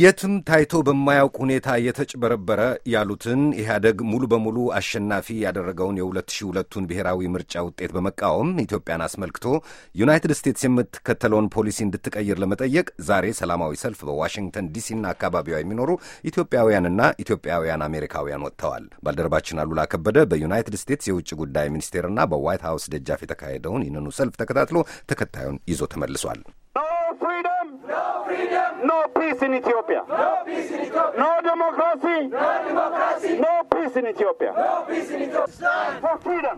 የትም ታይቶ በማያውቅ ሁኔታ የተጭበረበረ ያሉትን ኢህአደግ ሙሉ በሙሉ አሸናፊ ያደረገውን የ2002ቱን ብሔራዊ ምርጫ ውጤት በመቃወም ኢትዮጵያን አስመልክቶ ዩናይትድ ስቴትስ የምትከተለውን ፖሊሲ እንድትቀይር ለመጠየቅ ዛሬ ሰላማዊ ሰልፍ በዋሽንግተን ዲሲና አካባቢዋ የሚኖሩ ኢትዮጵያውያንና ኢትዮጵያውያን አሜሪካውያን ወጥተዋል። ባልደረባችን አሉላ ከበደ በዩናይትድ ስቴትስ የውጭ ጉዳይ ሚኒስቴርና በዋይት ሀውስ ደጃፍ የተካሄደውን ይህንኑ ሰልፍ ተከታትሎ ተከታዩን ይዞ ተመልሷል። No peace in Ethiopia. No peace in Ethiopia. No democracy. No peace in Ethiopia. No peace in Ethiopia. Stand for freedom.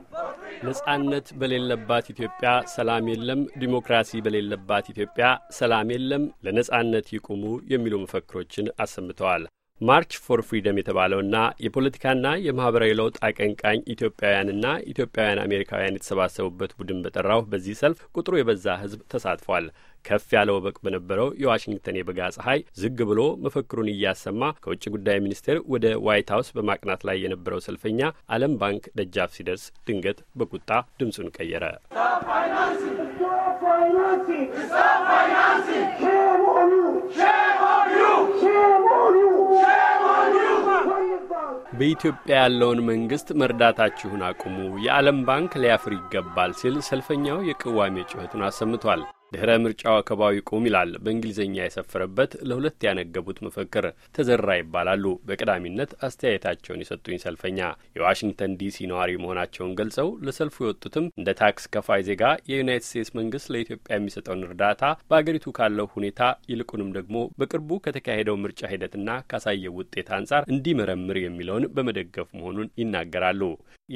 ነጻነት በሌለባት ኢትዮጵያ ሰላም የለም። ዲሞክራሲ በሌለባት ኢትዮጵያ ሰላም የለም። ለነጻነት ይቁሙ የሚሉ መፈክሮችን አሰምተዋል። ማርች ፎር ፍሪደም የተባለውና የፖለቲካና የማህበራዊ ለውጥ አቀንቃኝ ኢትዮጵያውያንና ኢትዮጵያውያን አሜሪካውያን የተሰባሰቡበት ቡድን በጠራው በዚህ ሰልፍ ቁጥሩ የበዛ ሕዝብ ተሳትፏል። ከፍ ያለ ወበቅ በነበረው የዋሽንግተን የበጋ ፀሐይ ዝግ ብሎ መፈክሩን እያሰማ ከውጭ ጉዳይ ሚኒስቴር ወደ ዋይት ሀውስ በማቅናት ላይ የነበረው ሰልፈኛ ዓለም ባንክ ደጃፍ ሲደርስ ድንገት በቁጣ ድምፁን ቀየረ። በኢትዮጵያ ያለውን መንግስት መርዳታችሁን አቁሙ፣ የዓለም ባንክ ሊያፍር ይገባል ሲል ሰልፈኛው የቅዋሜ ጩኸቱን አሰምቷል። ድኅረ ምርጫው አካባቢ ቁም ይላል በእንግሊዝኛ የሰፈረበት ለሁለት ያነገቡት መፈክር ተዘራ ይባላሉ። በቀዳሚነት አስተያየታቸውን የሰጡኝ ሰልፈኛ የዋሽንግተን ዲሲ ነዋሪ መሆናቸውን ገልጸው ለሰልፉ የወጡትም እንደ ታክስ ከፋይ ዜጋ የዩናይት ስቴትስ መንግስት ለኢትዮጵያ የሚሰጠውን እርዳታ በአገሪቱ ካለው ሁኔታ ይልቁንም ደግሞ በቅርቡ ከተካሄደው ምርጫ ሂደትና ካሳየው ውጤት አንጻር እንዲመረምር የሚለውን በመደገፍ መሆኑን ይናገራሉ።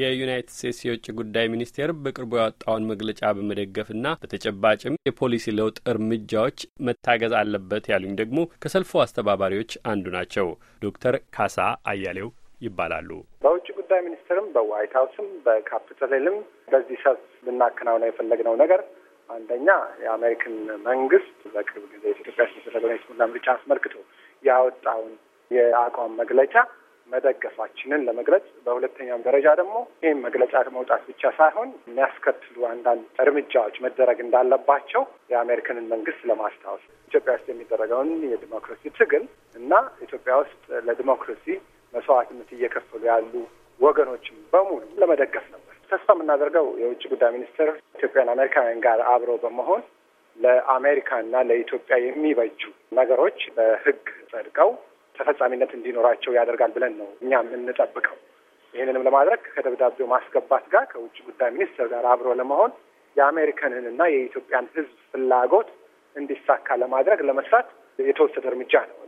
የዩናይትድ ስቴትስ የውጭ ጉዳይ ሚኒስቴር በቅርቡ ያወጣውን መግለጫ በመደገፍና በተጨባጭም የፖሊሲ ለውጥ እርምጃዎች መታገዝ አለበት ያሉኝ ደግሞ ከሰልፉ አስተባባሪዎች አንዱ ናቸው። ዶክተር ካሳ አያሌው ይባላሉ። በውጭ ጉዳይ ሚኒስቴርም በዋይት ሀውስም በካፒቶል ሂልም በዚህ ሰልፍ ልናከናውነው የፈለግነው ነገር አንደኛ የአሜሪካን መንግስት በቅርብ ጊዜ ኢትዮጵያ ውስጥ የስሙላ ምርጫ አስመልክቶ ያወጣውን የአቋም መግለጫ መደገፋችንን ለመግለጽ፣ በሁለተኛውም ደረጃ ደግሞ ይህም መግለጫ መውጣት ብቻ ሳይሆን የሚያስከትሉ አንዳንድ እርምጃዎች መደረግ እንዳለባቸው የአሜሪካንን መንግስት ለማስታወስ ኢትዮጵያ ውስጥ የሚደረገውን የዲሞክራሲ ትግል እና ኢትዮጵያ ውስጥ ለዲሞክራሲ መስዋዕትነት እየከፈሉ ያሉ ወገኖችን በሙሉ ለመደገፍ ነበር። ተስፋ የምናደርገው የውጭ ጉዳይ ሚኒስትር ኢትዮጵያን አሜሪካውያን ጋር አብረው በመሆን ለአሜሪካና ለኢትዮጵያ የሚበጁ ነገሮች በህግ ጸድቀው ተፈጻሚነት እንዲኖራቸው ያደርጋል ብለን ነው እኛ የምንጠብቀው። ይህንንም ለማድረግ ከደብዳቤው ማስገባት ጋር ከውጭ ጉዳይ ሚኒስትር ጋር አብሮ ለመሆን የአሜሪካንንና የኢትዮጵያን ሕዝብ ፍላጎት እንዲሳካ ለማድረግ ለመስራት የተወሰደ እርምጃ ነው።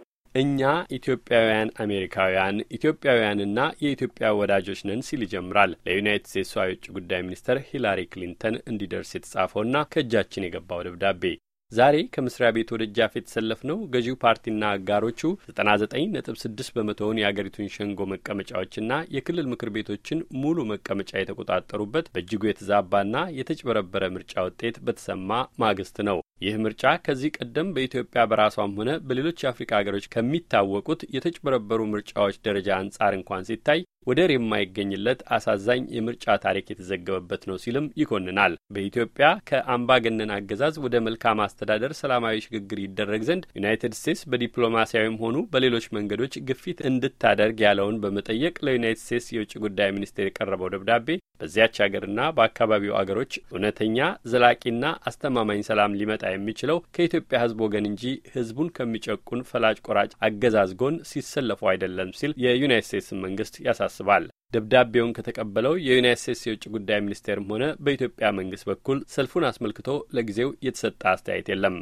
እኛ ኢትዮጵያውያን አሜሪካውያን ኢትዮጵያውያንና የኢትዮጵያ ወዳጆች ነን ሲል ይጀምራል ለዩናይትድ ስቴትስ የውጭ ጉዳይ ሚኒስተር ሂላሪ ክሊንተን እንዲደርስ የተጻፈውና ከእጃችን የገባው ደብዳቤ ዛሬ ከመስሪያ ቤቱ የተሰለፍ የተሰለፍነው ገዢው ፓርቲና አጋሮቹ 99.6 በመቶውን የአገሪቱን ሸንጎ መቀመጫዎችና የክልል ምክር ቤቶችን ሙሉ መቀመጫ የተቆጣጠሩበት በእጅጉ የተዛባና የተጭበረበረ ምርጫ ውጤት በተሰማ ማግስት ነው። ይህ ምርጫ ከዚህ ቀደም በኢትዮጵያ በራሷም ሆነ በሌሎች የአፍሪካ ሀገሮች ከሚታወቁት የተጭበረበሩ ምርጫዎች ደረጃ አንጻር እንኳን ሲታይ ወደር የማይገኝለት አሳዛኝ የምርጫ ታሪክ የተዘገበበት ነው ሲልም ይኮንናል። በኢትዮጵያ ከአምባገነን አገዛዝ ወደ መልካም አስተዳደር ሰላማዊ ሽግግር ይደረግ ዘንድ ዩናይትድ ስቴትስ በዲፕሎማሲያዊም ሆኑ በሌሎች መንገዶች ግፊት እንድታደርግ ያለውን በመጠየቅ ለዩናይትድ ስቴትስ የውጭ ጉዳይ ሚኒስቴር የቀረበው ደብዳቤ በዚያች አገርና በአካባቢው አገሮች እውነተኛ ዘላቂና አስተማማኝ ሰላም ሊመጣ የሚችለው ከኢትዮጵያ ሕዝብ ወገን እንጂ ሕዝቡን ከሚጨቁን ፈላጭ ቆራጭ አገዛዝ ጎን ሲሰለፉ አይደለም ሲል የዩናይት ስቴትስን መንግስት ያሳስባል። ደብዳቤውን ከተቀበለው የዩናይት ስቴትስ የውጭ ጉዳይ ሚኒስቴርም ሆነ በኢትዮጵያ መንግስት በኩል ሰልፉን አስመልክቶ ለጊዜው የተሰጠ አስተያየት የለም።